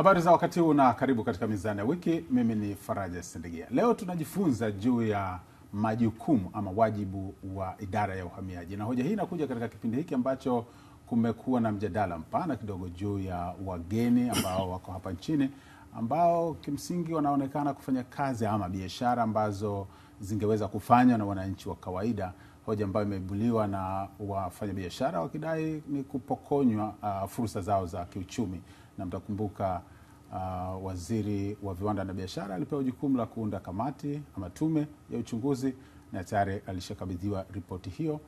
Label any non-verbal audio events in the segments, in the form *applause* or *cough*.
Habari za wakati huu na karibu katika Mizani ya Wiki. Mimi ni Faraja Sendegia. Leo tunajifunza juu ya majukumu ama wajibu wa idara ya uhamiaji, na hoja hii inakuja katika kipindi hiki ambacho kumekuwa na mjadala mpana kidogo juu ya wageni ambao wako hapa nchini ambao kimsingi wanaonekana kufanya kazi ama biashara ambazo zingeweza kufanywa na wananchi wa kawaida, hoja ambayo imeibuliwa na wafanyabiashara wakidai ni kupokonywa uh, fursa zao za kiuchumi, na mtakumbuka Uh, waziri wa viwanda na biashara alipewa jukumu la kuunda kamati ama tume ya uchunguzi na tayari alishakabidhiwa ripoti hiyo,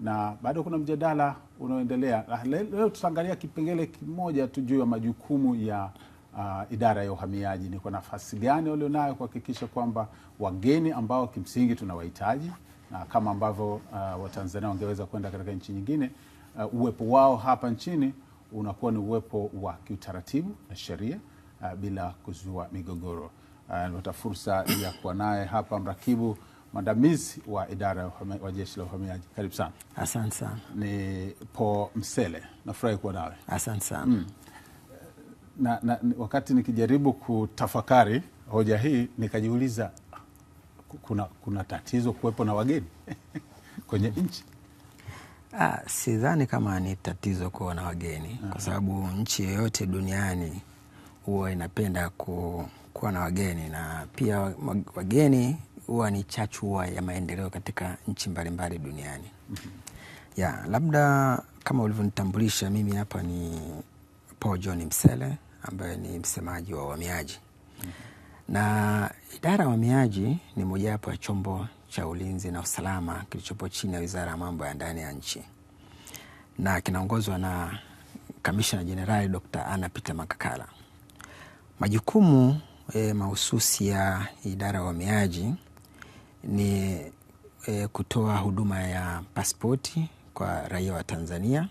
na bado kuna mjadala unaoendelea. Leo tutaangalia kipengele kimoja tu juu ya majukumu ya uh, idara ya uhamiaji. Ni kwa nafasi gani walionayo kuhakikisha kwamba wageni ambao kimsingi tunawahitaji na kama ambavyo uh, Watanzania wangeweza kwenda katika nchi nyingine uh, uwepo wao hapa nchini unakuwa ni uwepo wa kiutaratibu na sheria uh, bila kuzua migogoro. Napata uh, fursa ya kuwa naye hapa mrakibu mwandamizi wa idara wa jeshi la uhamiaji. Karibu sana. Asante sana. Ni Po Msele, nafurahi kuwa nawe. Asante sana. Mm. Na, na, wakati nikijaribu kutafakari hoja hii nikajiuliza kuna, kuna tatizo kuwepo na wageni *laughs* kwenye nchi? Ah, sidhani kama ni tatizo kuwa na wageni Aha. kwa sababu nchi yoyote duniani huwa inapenda ku, kuwa na wageni na pia wageni huwa ni chachu ya maendeleo katika nchi mbalimbali duniani. mm -hmm. Ya, labda kama ulivyonitambulisha mimi hapa ni Paul John Msele ambaye ni msemaji wa uhamiaji. mm -hmm. Na idara ya uhamiaji ni mojawapo ya chombo cha ulinzi na usalama kilichopo chini ya Wizara ya Mambo ya Ndani ya Nchi na kinaongozwa na Kamishna Jenerali Dr. Anna Peter Makakala. Majukumu e, mahususi ya idara ya uhamiaji ni e, kutoa huduma ya pasipoti kwa raia wa Tanzania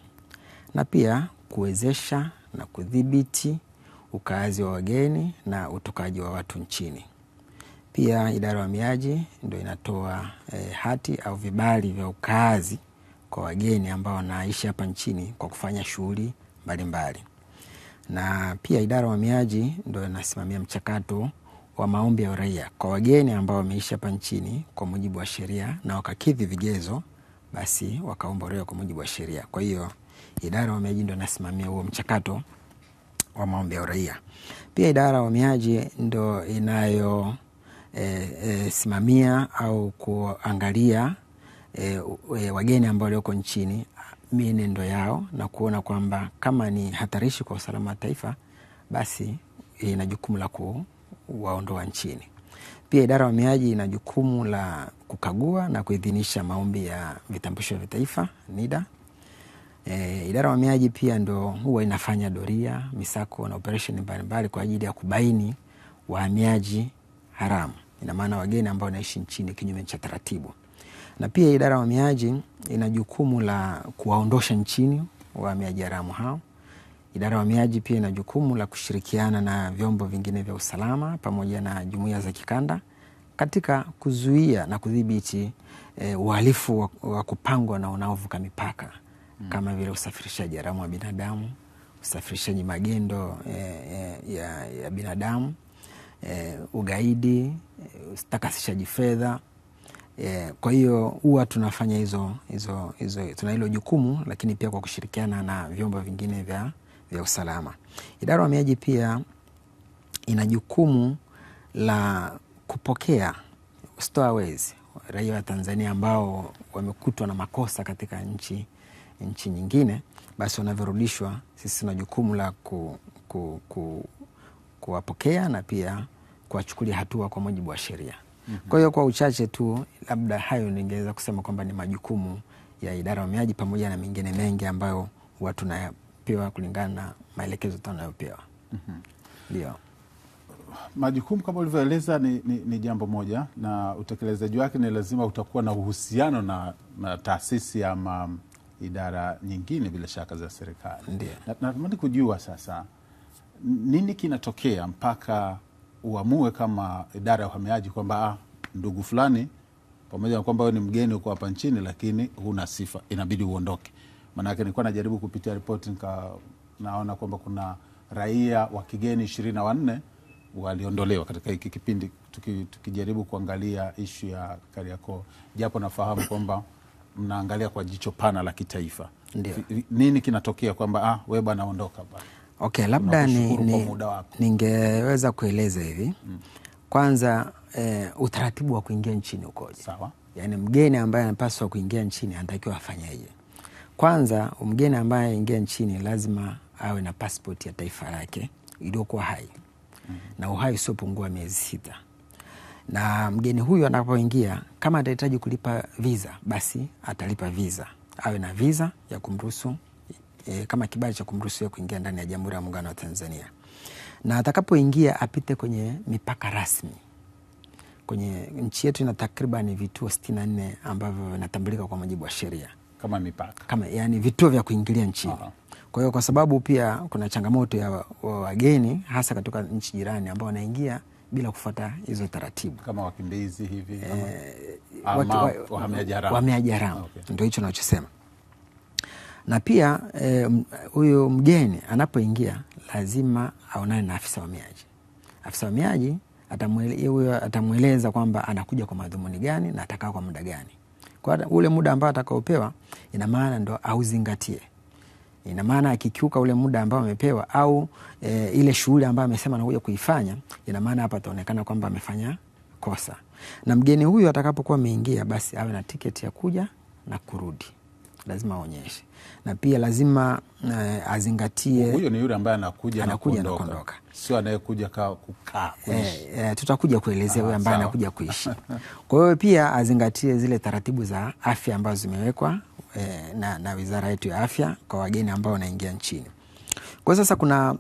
na pia kuwezesha na kudhibiti ukaazi wa wageni na utokaji wa watu nchini. Pia idara ya uhamiaji ndio inatoa e, hati au vibali vya ukaazi kwa wageni ambao wanaishi hapa nchini kwa kufanya shughuli mbalimbali na pia idara ya uhamiaji ndo inasimamia mchakato wa maombi ya uraia kwa wageni ambao wameishi hapa nchini kwa mujibu wa sheria na wakakidhi vigezo, basi wakaomba uraia kwa mujibu wa sheria. Kwa hiyo idara ya uhamiaji ndo inasimamia huo mchakato wa maombi ya uraia. Pia idara ya uhamiaji ndo inayo e, e, au kuangalia e, e, wageni ambao walioko nchini mienendo yao na kuona kwamba kama ni hatarishi kwa usalama wa taifa, basi ina jukumu la kuwaondoa nchini. Pia idara ya uhamiaji ina jukumu la kukagua na kuidhinisha maombi ya vitambulisho vya taifa NIDA. E, idara ya uhamiaji pia ndo huwa inafanya doria, misako na operesheni mbalimbali kwa ajili ya kubaini wahamiaji haramu, ina maana wageni ambao wanaishi nchini kinyume cha taratibu na pia idara ya uhamiaji ina jukumu la kuwaondosha nchini wahamiaji haramu hao. Idara ya uhamiaji pia ina jukumu la kushirikiana na vyombo vingine vya usalama pamoja na jumuiya za kikanda katika kuzuia na kudhibiti eh, uhalifu e, wa kupangwa na unaovuka mipaka mm. kama vile usafirishaji haramu wa binadamu, usafirishaji magendo e, e, ya, ya binadamu e, ugaidi, e, utakasishaji fedha Yeah, kwa hiyo huwa tunafanya hizo hizo hizo, tuna hilo jukumu, lakini pia kwa kushirikiana na vyombo vingine vya, vya usalama. Idara ya uhamiaji pia ina jukumu la kupokea stowaways, raia wa Tanzania ambao wamekutwa na makosa katika nchi, nchi nyingine, basi wanavyorudishwa, sisi tuna jukumu la ku, ku, ku, kuwapokea na pia kuwachukulia hatua kwa mujibu wa sheria. Mm-hmm. Kwa hiyo kwa uchache tu labda hayo ningeweza kusema kwamba ni majukumu ya idara ya uhamiaji pamoja na mengine mengi ambayo huwa tunayapewa kulingana na maelekezo tunayopewa. Mm-hmm. Ndio. mm -hmm. Majukumu kama ulivyoeleza ni, ni, ni jambo moja na utekelezaji wake ni lazima utakuwa na uhusiano na, na taasisi ama idara nyingine bila shaka za serikali. Natamani na kujua sasa nini kinatokea mpaka uamue kama idara ya uhamiaji kwamba ah, ndugu fulani, pamoja na kwamba wewe ni mgeni, uko hapa nchini, lakini huna sifa, inabidi uondoke. Maanake nilikuwa najaribu kupitia ripoti nika naona kwamba kuna raia wa kigeni ishirini na wanne waliondolewa katika hiki kipindi, tukijaribu tuki kuangalia ishu ya Kariakoo, japo nafahamu kwamba mnaangalia kwa jicho pana la kitaifa. Nini kinatokea kwamba ah, we bwana ondoka bwana Okay, labda ni, ni, ningeweza kueleza hivi mm. Kwanza eh, utaratibu wa kuingia nchini ukoje? Sawa. Yaani mgeni ambaye anapaswa kuingia nchini anatakiwa afanyeje? Kwanza mgeni ambaye aingia nchini lazima awe na pasipoti ya taifa lake iliyokuwa hai mm. na uhai usiopungua miezi sita, na mgeni huyu anapoingia, kama atahitaji kulipa visa, basi atalipa visa, awe na visa ya kumruhusu e, kama kibali cha kumruhusu kuingia ndani ya Jamhuri ya Muungano wa Tanzania, na atakapoingia apite kwenye mipaka rasmi kwenye nchi yetu ina takriban vituo 64 ambavyo vinatambulika kwa mujibu wa sheria kama mipaka kama, yani vituo vya kuingilia nchini. Kwa hiyo kwa sababu pia kuna changamoto ya wageni hasa katika nchi jirani ambao wanaingia bila kufuata hizo taratibu kama wakimbizi hivi, eh, wahamiaji haramu, ndio hicho nachosema na pia eh, huyu e, mgeni anapoingia lazima aonane na afisa uhamiaji. Afisa uhamiaji atamweleza, atamweleza kwamba anakuja kwa madhumuni gani na atakaa kwa muda gani. Kwa ule muda ambao atakaopewa, ina maana ndo auzingatie. Ina maana akikiuka ule muda ambao amepewa au e, ile shughuli ambayo amesema anakuja kuifanya, ina maana hapa ataonekana kwamba amefanya kosa, na mgeni huyu atakapokuwa ameingia, basi awe na tiketi ya kuja na kurudi lazima aonyeshe, na pia lazima uh, azingatie. Huyo ni yule ambaye anakuja anakuja na kuondoka, sio anayekuja kukaa eh, kuishi. Eh, tutakuja kuelezea huyo ah, ambaye anakuja kuishi. Kwa hiyo pia azingatie zile taratibu za afya ambazo zimewekwa eh, na, na wizara yetu ya afya kwa wageni ambao wanaingia nchini. Kwa sasa kuna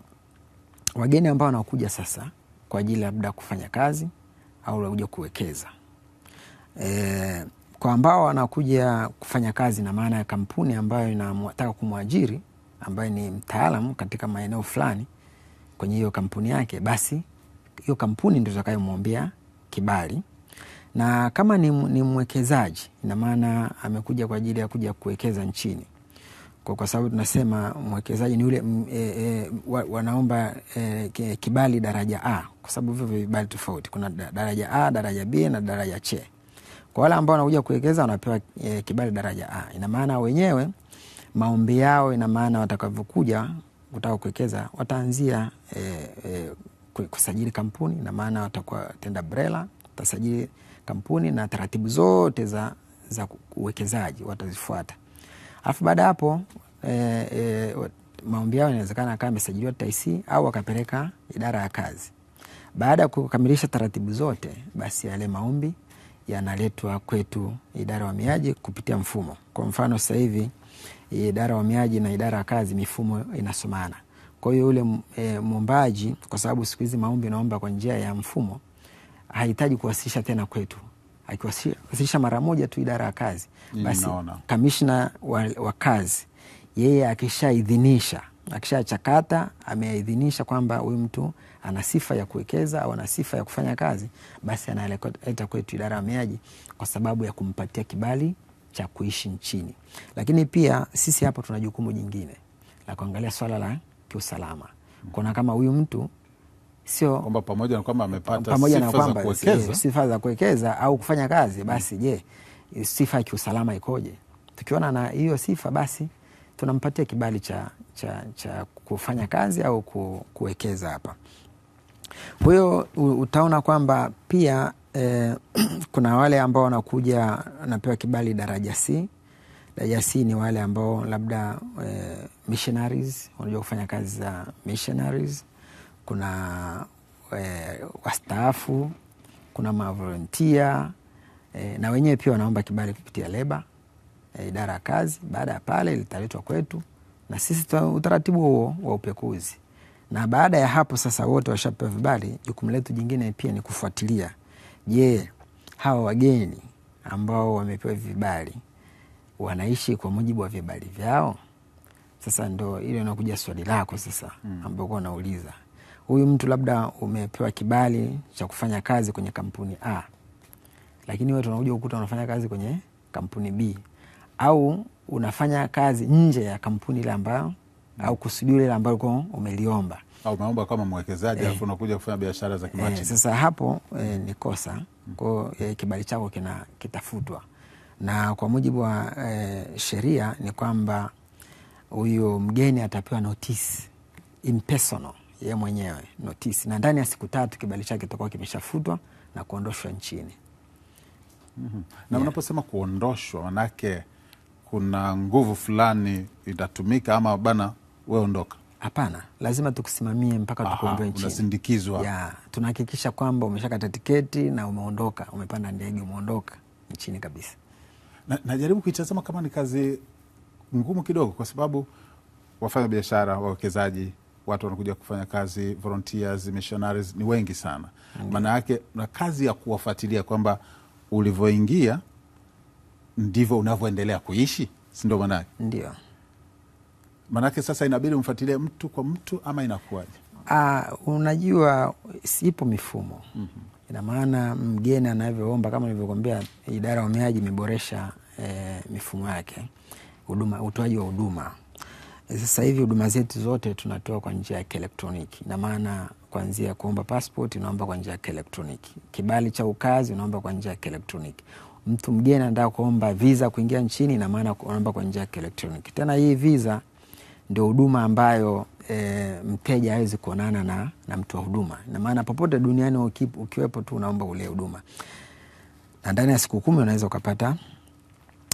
wageni ambao wanakuja sasa kwa ajili labda kufanya kazi au kuja kuwekeza eh, kwa ambao wanakuja kufanya kazi na maana ya kampuni ambayo inataka kumwajiri ambaye ni mtaalamu katika maeneo fulani kwenye hiyo kampuni yake, basi hiyo kampuni ndio itakayomwombea kibali. Na kama ni, ni mwekezaji, ina maana amekuja kwa ajili ya kuja kuwekeza nchini kwa, kwa sababu tunasema mwekezaji ni yule e, e, wanaomba e, kibali daraja A, kwa sababu hivyo vibali tofauti, kuna daraja A, daraja B na daraja C. Kwa wale ambao wanakuja kuwekeza wanapewa e, kibali daraja A. Ina maana wenyewe maombi yao, ina maana watakavyokuja kutaka kuwekeza wataanzia e, e, kusajili kampuni, ina maana watakuwa tenda BRELA, watasajili kampuni na taratibu zote za, za uwekezaji watazifuata. Alafu baada hapo e, e, maombi yao inawezekana akawa amesajiliwa TIC au akapeleka idara ya kazi. Baada ya kukamilisha taratibu zote, basi yale maombi yanaletwa kwetu idara ya uhamiaji kupitia mfumo. Kwa mfano sasa hivi idara ya uhamiaji na idara ya kazi mifumo inasomana. Kwa hiyo yule e, mwombaji kwa sababu siku hizi maombi naomba kwa njia ya mfumo, hahitaji kuwasilisha tena kwetu. Akiwasilisha mara moja tu idara ya kazi, basi kamishna wa, wa kazi yeye akishaidhinisha, akishachakata, ameidhinisha kwamba huyu mtu ana sifa ya kuwekeza au ana sifa ya kufanya kazi, basi analeta kwetu idara ya uhamiaji kwa sababu ya kumpatia kibali cha kuishi nchini. Lakini pia sisi hapa tuna jukumu jingine la kuangalia swala la kiusalama, kuona kama huyu mtu sio kwamba pamoja na kwamba amepata sifa za kuwekeza au kufanya kazi, basi je, sifa ya kiusalama ikoje? Tukiona na hiyo sifa, basi tunampatia kibali cha, cha, cha kufanya kazi au kuwekeza hapa. Kwa hiyo utaona kwamba pia eh, *clears throat* kuna wale ambao wanakuja wanapewa kibali daraja C. Daraja C ni wale ambao labda eh, missionaries wanajua kufanya kazi za missionaries. Kuna eh, wastaafu, kuna mavolontia eh, na wenyewe pia wanaomba kibali kupitia leba eh, idara ya kazi. Baada ya pale litaletwa kwetu na sisi utaratibu huo wa upekuzi na baada ya hapo sasa, wote washapewa vibali, jukumu letu jingine pia ni kufuatilia, je, hawa wageni ambao wamepewa vibali wanaishi kwa mujibu wa vibali vyao? Sasa ndo ile inakuja swali lako sasa, mm. ambapo unauliza huyu mtu labda umepewa kibali cha kufanya kazi kwenye kampuni A, lakini wewe tunakuja kukuta unafanya kazi kwenye kampuni B, au unafanya kazi nje ya kampuni ile ambayo Mm. au kusudi lile ambalo kwa umeliomba au umeomba kama mwekezaji eh. alafu eh, unakuja kufanya biashara za kimachi eh, sasa hapo eh, mm. ni kosa mm. kwao eh, kibali chako kina kitafutwa na kwa mujibu wa eh, sheria ni kwamba huyo mgeni atapewa notisi impersonal ye mwenyewe notisi, na ndani ya siku tatu kibali chake kitakuwa kimeshafutwa na kuondoshwa nchini. mm -hmm. Na yeah. Unaposema kuondoshwa, manake kuna nguvu fulani itatumika ama bana wewe ondoka. Hapana, lazima tukusimamie mpaka tukuondoe nchini. Unasindikizwa. Yeah, tunahakikisha kwamba umeshakata tiketi na umeondoka, umepanda ndege, umeondoka nchini kabisa. Na, najaribu kuitazama kama ni kazi ngumu kidogo, kwa sababu wafanya biashara, wawekezaji, watu wanakuja kufanya kazi, volunteers, missionaries ni wengi sana. Maana yake na kazi ya kuwafuatilia kwamba ulivyoingia ndivyo unavyoendelea kuishi, si ndio? Maana yake ndio Maanake sasa inabidi umfuatilie mtu kwa mtu ama inakuwaje? Uh, unajua sipo mifumo mm -hmm. Ina maana mgeni anavyoomba, kama nilivyokuambia, idara ya uhamiaji imeboresha eh, mifumo yake, huduma, utoaji wa huduma. Sasa hivi huduma zetu zote tunatoa kwa njia ya kielektroniki. Ina maana kuanzia kuomba passport unaomba kwa njia ya kielektroniki, kibali cha ukazi unaomba kwa njia ya kielektroniki mtu mgeni anataka kuomba visa kuingia nchini, ina maana unaomba kwa njia ya kielektroniki. Tena hii visa ndio huduma ambayo e, mteja hawezi kuonana na, na mtu wa huduma. Ina maana popote duniani ukiwepo tu unaomba ule huduma, na ndani ya siku kumi unaweza ukapata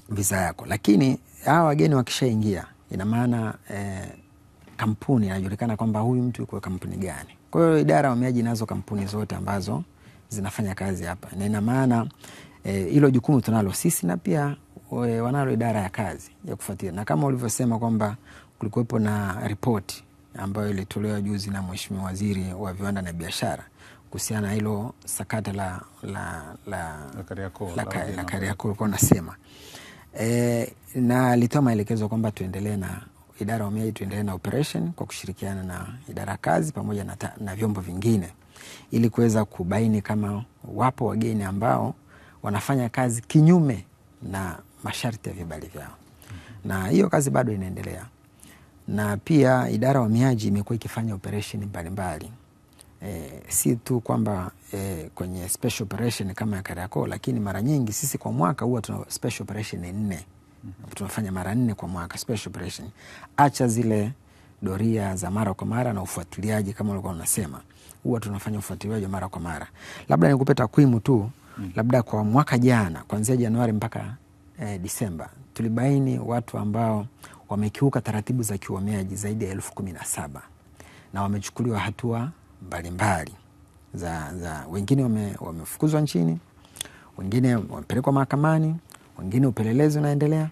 visa yako, lakini hawa wageni wakishaingia, ina maana e, kampuni inajulikana kwamba huyu mtu yuko kampuni gani. Kwa hiyo idara ya uhamiaji nazo kampuni zote ambazo zinafanya kazi hapa, na ina maana eh, hilo e, jukumu tunalo sisi na pia wanalo idara ya kazi ya kufuatilia, na kama ulivyosema kwamba kulikuwepo na ripoti ambayo ilitolewa juzi na Mheshimiwa Waziri wa Viwanda na Biashara kuhusiana na hilo sakata la, la, la, la Kariakoo ulikuwa unasema e, na alitoa maelekezo kwamba tuendelee na idara ya umiaji tuendelee na operation kwa kushirikiana na idara kazi pamoja na, ta, na vyombo vingine ili kuweza kubaini kama wapo wageni ambao wanafanya kazi kinyume na masharti ya vibali vyao, mm -hmm. na hiyo kazi bado inaendelea na pia idara ya uhamiaji imekuwa ikifanya operation mbalimbali e, si tu kwamba e, kwenye special operation kama ya Kariakoo, lakini mara nyingi sisi kwa mwaka huwa tuna special operation nne mm -hmm. tunafanya mara nne kwa mwaka special operation, acha zile doria za mara kwa mara na ufuatiliaji kama ulikuwa unasema, huwa tunafanya ufuatiliaji mara kwa mara. Labda nikupe takwimu tu, mhm. labda kwa mwaka jana, kuanzia Januari mpaka eh, Disemba tulibaini watu ambao wamekiuka taratibu za kiuomeaji zaidi ya elfu kumi na saba na wamechukuliwa hatua mbalimbali za, za wengine wame, wamefukuzwa nchini, wengine wamepelekwa mahakamani, wengine upelelezi unaendelea.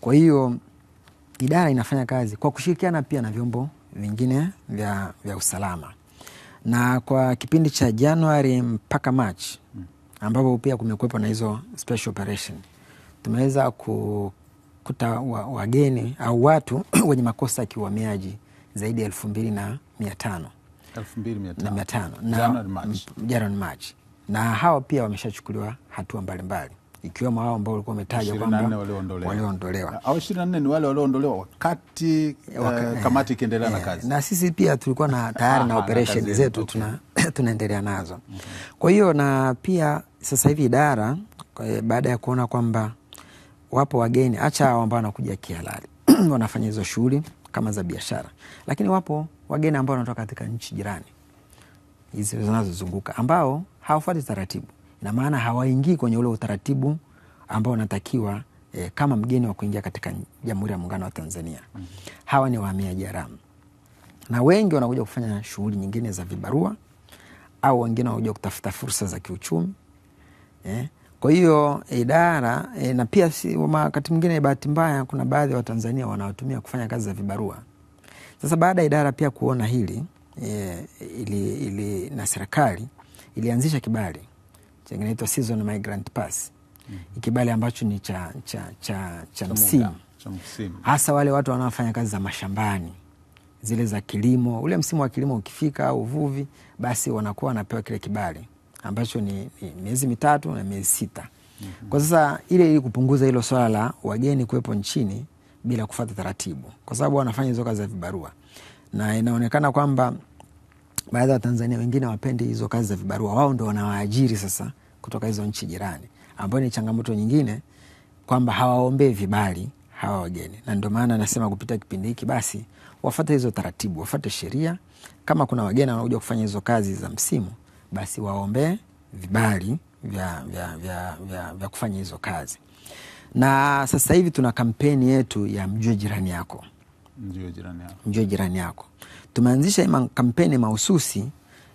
Kwa hiyo idara inafanya kazi kwa kushirikiana pia na vyombo vingine vya, vya usalama na kwa kipindi cha Januari mpaka Machi ambapo pia kumekuwepo na hizo special operation tumeweza kukuta wageni au watu *clears throat* wenye makosa ya kiuhamiaji zaidi ya elfu mbili na mia tano Januari na hawa pia wameshachukuliwa hatua mbalimbali ikiwemo hao ambao walikuwa wametajwa kwamba walioondolewa au ishirini na nne ni wale walioondolewa wakati eh, waka, uh, kamati ikiendelea na eh, kazi na sisi pia tulikuwa na ah, tayari na operesheni zetu okay. tuna, *clears throat* tunaendelea nazo okay. Kwa hiyo na pia sasa hivi idara baada ya kuona kwamba wapo wageni, acha hao ambao wanakuja kihalali *clears throat* wanafanya hizo shughuli kama za biashara, lakini wapo wageni ambao wanatoka katika nchi jirani hizi zinazozunguka ambao hawafuati taratibu, na maana hawaingii kwenye ule utaratibu ambao unatakiwa eh, kama mgeni wa kuingia katika Jamhuri ya Muungano wa Tanzania. Hawa ni wahamiaji haramu, na wengi wanakuja kufanya shughuli nyingine za vibarua au wengine wanakuja kutafuta fursa za kiuchumi eh, kwa hiyo idara e, na pia si, wakati mwingine bahati mbaya kuna baadhi ya Watanzania wanaotumia kufanya kazi za vibarua. Sasa baada ya idara pia kuona hili e, ili, ili, na serikali ilianzisha kibali chenginaitwa season migrant pass mm -hmm. Kibali ambacho ni cha, cha, cha, cha msimu hasa wale watu wanaofanya kazi za mashambani zile za kilimo. Ule msimu wa kilimo ukifika, uvuvi, basi wanakuwa wanapewa kile kibali ambacho ni miezi mitatu na miezi sita. Kwa sasa ile ili kupunguza hilo swala la wageni kuwepo nchini bila kufuata taratibu, kwa sababu wanafanya hizo kazi za vibarua na inaonekana kwamba baadhi ya Watanzania wengine wapendi hizo kazi za vibarua, wao ndo wanawaajiri sasa kutoka hizo nchi jirani, ambayo ni changamoto nyingine kwamba hawaombee vibali hawa wageni, na ndio maana nasema kupitia kipindi hiki basi wafate hizo taratibu, wafate sheria. Kama kuna wageni wanakuja kufanya hizo kazi za msimu, basi waombee vibali vya, vya, vya, vya, vya kufanya hizo kazi. Na sasa hivi tuna kampeni yetu ya mjue jirani yako, mjue jirani yako, mjue jirani yako. Tumeanzisha kampeni mahususi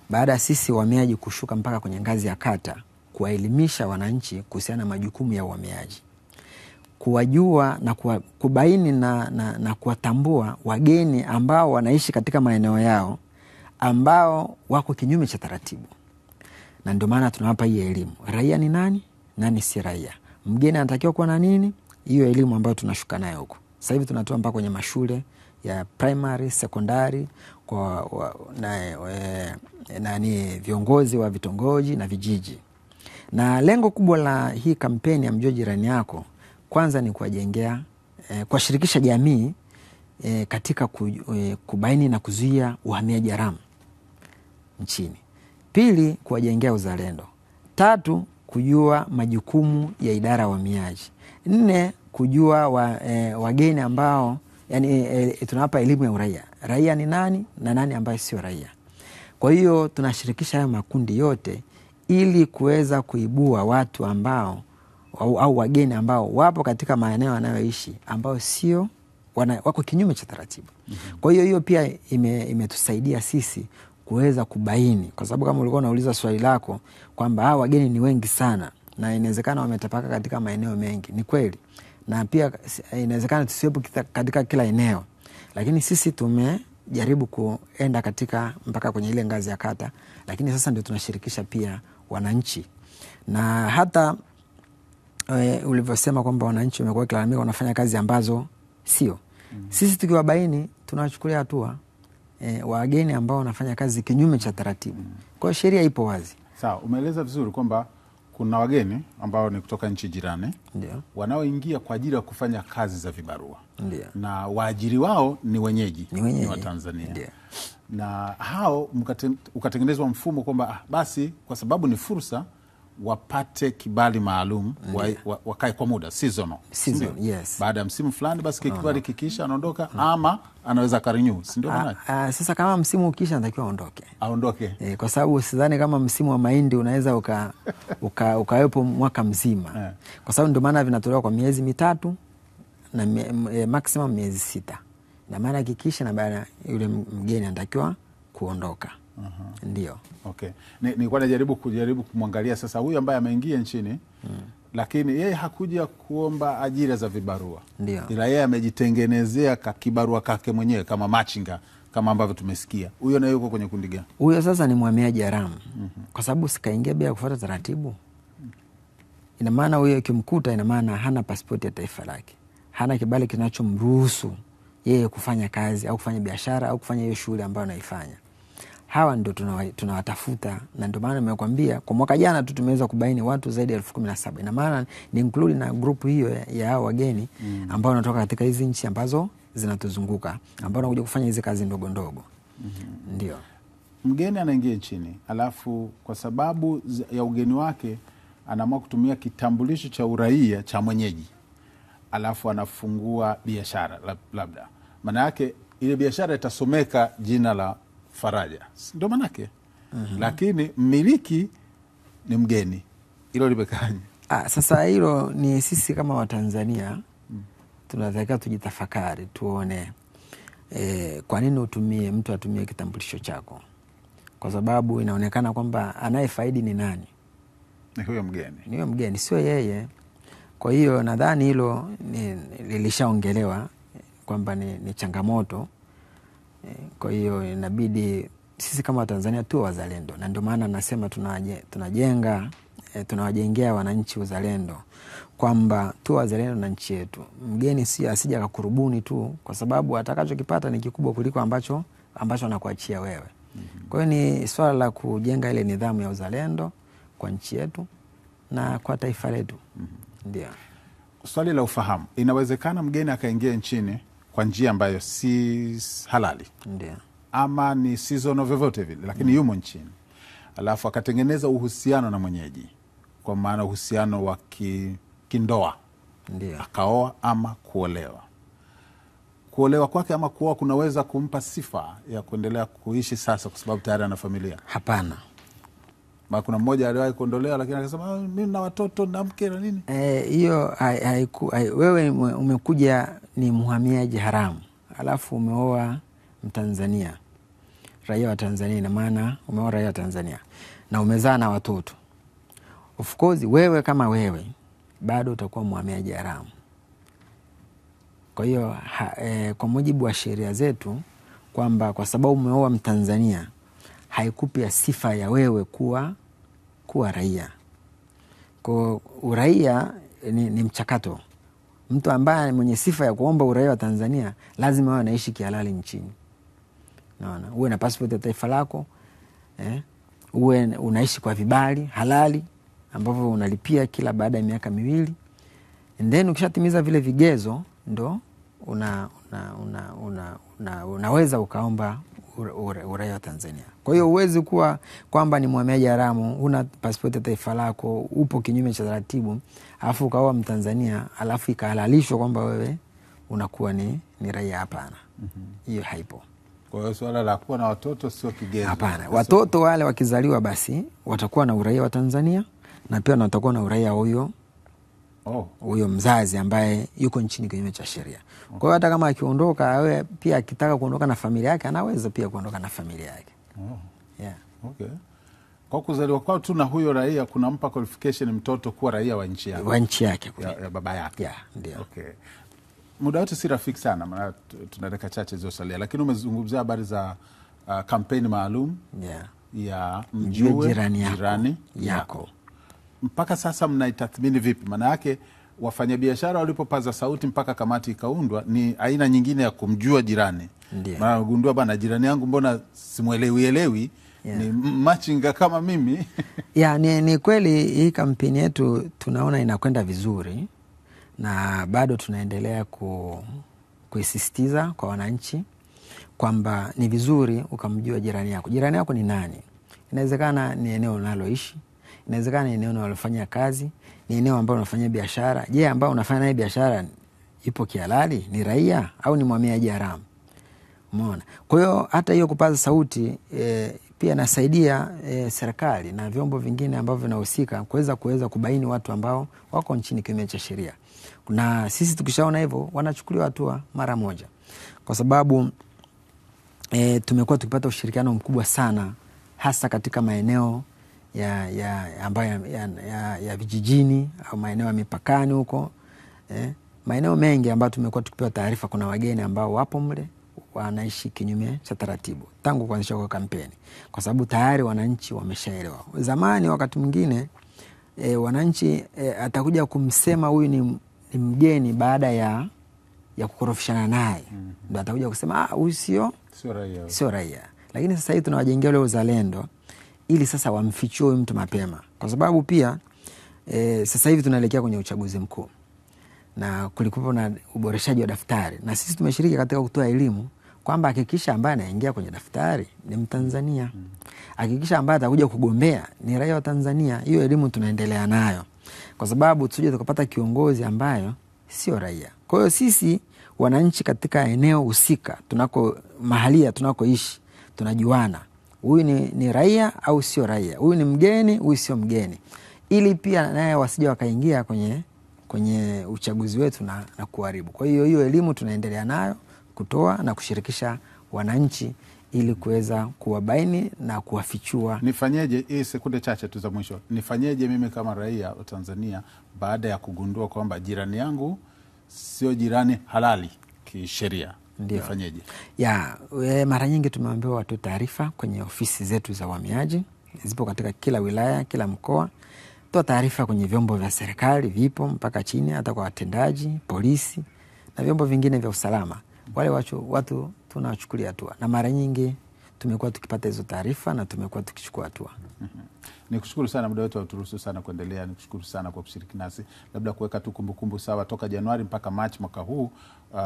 baada ya sisi wahamiaji kushuka mpaka kwenye ngazi ya kata kuwaelimisha wananchi kuhusiana na majukumu ya uhamiaji, kuwajua na kuwa, kubaini na, na, na kuwatambua wageni ambao wanaishi katika maeneo yao ambao wako kinyume cha taratibu na ndio maana tunawapa hii elimu. Raia ni nani, nani si raia, mgeni anatakiwa kuwa na nini. Hiyo elimu ambayo tunashuka nayo huko sasa hivi tunatoa mpaka kwenye mashule ya primary, sekondari kwa wa, na, e, e, nani viongozi wa vitongoji na vijiji. Na lengo kubwa la hii kampeni ya mjua jirani yako kwanza ni kuwajengea eh, kuwashirikisha jamii eh, katika ku, eh, kubaini na kuzuia uhamiaji haramu nchini. Pili, kuwajengea uzalendo. Tatu, kujua majukumu ya idara ya uhamiaji. Nne, kujua wa, e, wageni ambao yani, e, e, tunawapa elimu ya uraia, raia ni nani na nani ambaye sio raia. Kwa hiyo tunashirikisha haya makundi yote ili kuweza kuibua watu ambao au, au wageni ambao wapo katika maeneo wanayoishi ambao sio wana, wako kinyume cha taratibu. Mhm. Kwa hiyo hiyo pia imetusaidia ime sisi kuweza kubaini, kwa sababu kama ulikuwa unauliza swali lako kwamba hawa wageni ni wengi sana na inawezekana wametapaka katika maeneo mengi, ni kweli, na pia inawezekana tusiwepo katika kila eneo, lakini sisi tume jaribu kuenda katika mpaka kwenye ile ngazi ya kata, lakini sasa ndio tunashirikisha pia wananchi na hata e, ulivyosema kwamba wananchi wamekuwa wakilalamika wanafanya kazi ambazo sio. mm -hmm. Sisi tukiwabaini tunawachukulia hatua e, wageni ambao wanafanya kazi kinyume cha taratibu. Kwa hiyo sheria ipo wazi. Sawa, umeeleza vizuri kwamba kuna wageni ambao ni kutoka nchi jirani wanaoingia kwa ajili ya kufanya kazi za vibarua. Ndiyo. na waajiri wao ni wenyeji, ni wenyeji. Ni wa Tanzania. Ndiyo. na hao ukatengenezwa mfumo kwamba ah, basi kwa sababu ni fursa wapate kibali maalum yeah. wa, wakae kwa muda seasonal, seasonal yes. Baada ya msimu fulani basi kibali kikiisha anaondoka mm. ama anaweza karinyu, si ndio ah, ah, Sasa kama msimu ukiisha anatakiwa aondoke, aondoke e, kwa sababu sidhani kama msimu wa mahindi unaweza uka, uka, ukawepo mwaka mzima yeah. Kwa sababu ndio maana vinatolewa kwa miezi mitatu na mie, eh, maximum miezi sita, na maana kikiisha na baada yule mgeni anatakiwa kuondoka uh -huh. Ndio, okay. kwa najaribu kujaribu kumwangalia sasa huyu ambaye ameingia nchini mm. Lakini yeye hakuja kuomba ajira za vibarua, ila yeye amejitengenezea kakibarua kake mwenyewe kama machinga kama ambavyo tumesikia. Huyo naye yuko kwenye kundi gani? Huyo sasa ni mhamiaji haramu mm -hmm. Kwa sababu sikaingia bila kufuata taratibu Ina maana huyo ikimkuta, ina maana hana pasipoti ya taifa lake, hana kibali kinachomruhusu yeye kufanya kazi au kufanya biashara au kufanya hiyo shughuli ambayo anaifanya hawa ndo tunawatafuta tuna na ndio maana nimekwambia kwa mwaka jana tu tumeweza kubaini watu zaidi ya elfu kumi na saba ina maana ni include na grupu hiyo ya hao wageni mm. ambao wanatoka katika hizi nchi ambazo zinatuzunguka ambao wanakuja kufanya hizi kazi ndogo ndogo mm -hmm. ndio mgeni anaingia nchini alafu kwa sababu ya ugeni wake anaamua kutumia kitambulisho cha uraia cha mwenyeji alafu anafungua biashara labda maana yake ile biashara itasomeka jina la faraja, ndo maanake mm -hmm. Lakini mmiliki ni mgeni, hilo limekaaje? Ah, sasa hilo ni sisi kama Watanzania mm. tunatakiwa tujitafakari, tuone e, kwa nini utumie mtu atumie kitambulisho chako, kwa sababu inaonekana kwamba anayefaidi ni nani? Ni huyo mgeni, ni huyo mgeni, sio yeye. Kwa hiyo nadhani hilo lilishaongelewa kwamba ni, ni changamoto kwa hiyo inabidi sisi kama Watanzania tu wazalendo, na ndio maana nasema tunajenga eh, tunawajengea wananchi uzalendo, kwamba tu wazalendo na nchi yetu. Mgeni si asija kakurubuni tu, kwa sababu atakachokipata ni kikubwa kuliko ambacho ambacho anakuachia wewe. Mhm. Kwa hiyo ni swala la kujenga ile nidhamu ya uzalendo kwa nchi yetu na kwa taifa letu. Mhm. Ndio swali la ufahamu. Inawezekana mgeni akaingia nchini kwa njia ambayo si halali yeah. ama ni sizono vyovyote vile, lakini mm. yumo nchini, alafu akatengeneza uhusiano na mwenyeji, kwa maana uhusiano wa kindoa yeah. akaoa ama kuolewa. Kuolewa kwake ama kuoa kunaweza kumpa sifa ya kuendelea kuishi sasa, kwa sababu tayari ana familia? Hapana. Ma kuna mmoja aliwahi kuondolewa lakini akasema ah, mi na watoto na mke na nini. Eh, hiyo eh, wewe umekuja ni mhamiaji haramu, alafu umeoa Mtanzania, raia wa Tanzania, ina maana umeoa raia wa Tanzania na umezaa na watoto. Of course wewe kama wewe bado utakuwa mhamiaji haramu. Kwa hiyo eh, kwa mujibu wa sheria zetu kwamba kwa sababu umeoa Mtanzania haikupi sifa ya wewe kuwa, kuwa raia. Kwa uraia ni, ni mchakato. Mtu ambaye mwenye sifa ya kuomba uraia wa Tanzania lazima awe anaishi kihalali nchini. Naona uwe na pasipoti ya taifa lako eh, uwe unaishi kwa vibali halali ambavyo unalipia kila baada ya miaka miwili, then ukishatimiza vile vigezo ndo una, una, una, una, una, unaweza ukaomba uraia wa Tanzania. Kwa hiyo huwezi kuwa kwamba ni mhamiaji haramu, huna pasipoti ya taifa lako, upo kinyume cha taratibu, alafu ukaoa Mtanzania, alafu ikahalalishwa kwamba wewe unakuwa ni, ni raia. Hapana, mhm. hiyo mm -hmm. haipo. Kwa hiyo swala la kuwa na watoto sio kigezo. Hapana, watoto wale wakizaliwa basi watakuwa na uraia wa Tanzania na pia watakuwa na uraia huyo huyo oh, mzazi ambaye yuko nchini kinyume cha sheria. Kwa hiyo hata kama akiondoka, awe pia akitaka kuondoka na familia yake anaweza pia kuondoka na familia yake. Oh. Yeah. Okay. Kwa kuzaliwa kwao tu na huyo raia kunampa qualification mtoto kuwa raia wa nchi yake, wa nchi yake ya, ya baba yake. Yeah, ndio. Okay. Muda wote si rafiki sana, maana tuna dakika chache zilizosalia, lakini umezungumzia habari za uh, kampeni maalum yeah, ya mjue jirani yako, jirani yako. yako mpaka sasa mnaitathmini vipi? Maana yake wafanyabiashara walipopaza sauti mpaka kamati ikaundwa, ni aina nyingine ya kumjua jirani. Maana gundua bana, jirani yangu mbona simwelewielewi? Yeah. Ni machinga kama mimi *laughs* ya ni, ni kweli hii kampeni yetu tunaona inakwenda vizuri na bado tunaendelea ku, kuisisitiza kwa wananchi kwamba ni vizuri ukamjua jirani yako. Jirani yako ni nani? Inawezekana ni eneo unaloishi, inawezekana eneo unalofanya kazi ni eneo ambao unafanya biashara. Je, ambao unafanya naye biashara ipo kihalali? Ni raia au ni mwamiaji haramu? Umeona? Kwa hiyo hata hiyo kupaza sauti e, pia nasaidia e, serikali na vyombo vingine ambavyo vinahusika kuweza kuweza kubaini watu ambao wako nchini kinyume cha sheria, na sisi tukishaona hivyo wanachukuliwa hatua mara moja, kwa sababu e, tumekuwa tukipata ushirikiano mkubwa sana hasa katika maeneo ya, ya, ambayo ya, ya, ya vijijini au maeneo ya mipakani huko eh, maeneo mengi ambayo tumekuwa tukipewa taarifa kuna wageni ambao wapo mle wanaishi kinyume cha taratibu tangu kuanzisha kwa kampeni, kwa sababu tayari wananchi wameshaelewa. Zamani wakati mwingine e, wananchi e, atakuja kumsema huyu ni, ni mgeni baada ya ya kukorofishana naye mm -hmm. Ndo atakuja kusema ah, huyu sio sio raia, lakini sasa hivi tunawajengea ule uzalendo ili sasa wamfichue mtu mapema, kwa sababu pia e, sasa hivi tunaelekea kwenye uchaguzi mkuu na kulikuwa na uboreshaji wa daftari, na sisi tumeshiriki katika kutoa elimu kwamba hakikisha ambaye anaingia kwenye daftari ni Mtanzania, hakikisha ambaye atakuja kugombea ni raia wa Tanzania. Hiyo elimu tunaendelea nayo, kwa sababu tusije tukapata kiongozi ambayo sio raia. Kwa hiyo sisi wananchi katika eneo husika tunako mahalia tunakoishi tunajuana huyu ni, ni raia au sio raia, huyu ni mgeni, huyu sio mgeni, ili pia naye wasija wakaingia kwenye, kwenye uchaguzi wetu na, na kuharibu. Kwa hiyo hiyo elimu tunaendelea nayo kutoa na kushirikisha wananchi ili kuweza kuwabaini na kuwafichua. Nifanyeje? Hii sekunde chache tu za mwisho, nifanyeje mimi kama raia wa Tanzania baada ya kugundua kwamba jirani yangu sio jirani halali kisheria? Ndio. Fanyeje? Ya, mara nyingi tumeambiwa watu taarifa kwenye ofisi zetu za uhamiaji, zipo katika kila wilaya, kila mkoa. Toa taarifa kwenye vyombo vya serikali, vipo mpaka chini, hata kwa watendaji, polisi na vyombo vingine vya usalama. Wale watu, watu tunawachukulia hatua, na mara nyingi tumekuwa tukipata hizo taarifa na tumekuwa tukichukua hatua. Mm-hmm. Ni kushukuru sana, muda wetu hauturuhusu sana kuendelea. Ni kushukuru sana kwa kushiriki nasi, labda kuweka tu kumbukumbu sawa, toka Januari mpaka Machi mwaka huu uh,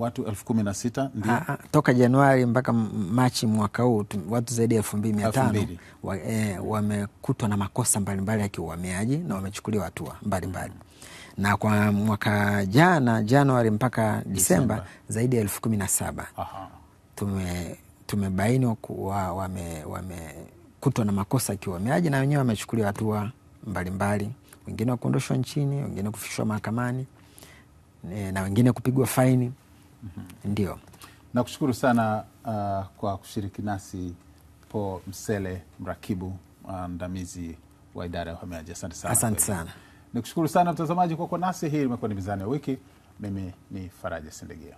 watu elfu kumi na sita ndio ah, ah, toka Januari mpaka Machi mwaka huu watu zaidi ya elfu mbili mia tano eh, wamekutwa na makosa mbalimbali ya kiuhamiaji na wamechukuliwa hatua mbalimbali mm-hmm. na kwa mwaka jana Januari mpaka Disemba zaidi ya elfu kumi na saba tume tumebaini kuwa wamekutwa na makosa kiuhamiaji na wenyewe wamechukuliwa hatua mbalimbali, wengine wakuondoshwa nchini, wengine kufikishwa mahakamani eh, na wengine kupigwa faini. mm -hmm. Ndio, nakushukuru sana uh, kwa kushiriki nasi Paul Msele, mrakibu ah, mwandamizi uh, wa idara ya uhamiaji. Asante sana, asante sana. Nikushukuru sana mtazamaji kwa kuwa nasi. Hii imekuwa ni Mizani ya Wiki. Mimi ni Faraja Sindegia.